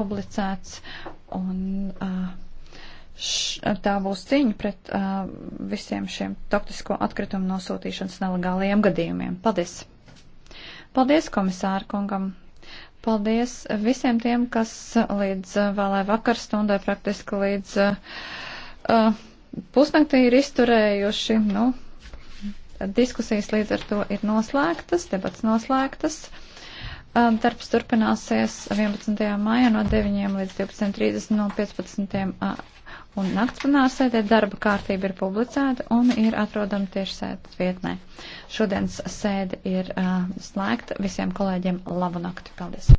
publicēts, un š, tā būs cīņa pret visiem šiem toksisko atkritumu nosūtīšanas nelegālajiem gadījumiem. Paldies! Paldies komisāra kungam! Paldies visiem tiem, kas līdz vēlē vakar stundai praktiski līdz uh, pusnaktī ir izturējuši. Nu, diskusijas līdz ar to ir noslēgtas, debats noslēgtas. Um, darbs turpināsies 11. maijā no 9. līdz 12.30 no 15. un nakts plenārsēdē. Darba kārtība ir publicēta un ir atrodama tieši sēdes vietnē. Šodienas sēde ir slēgta. Visiem kolēģiem labu nakti. Paldies!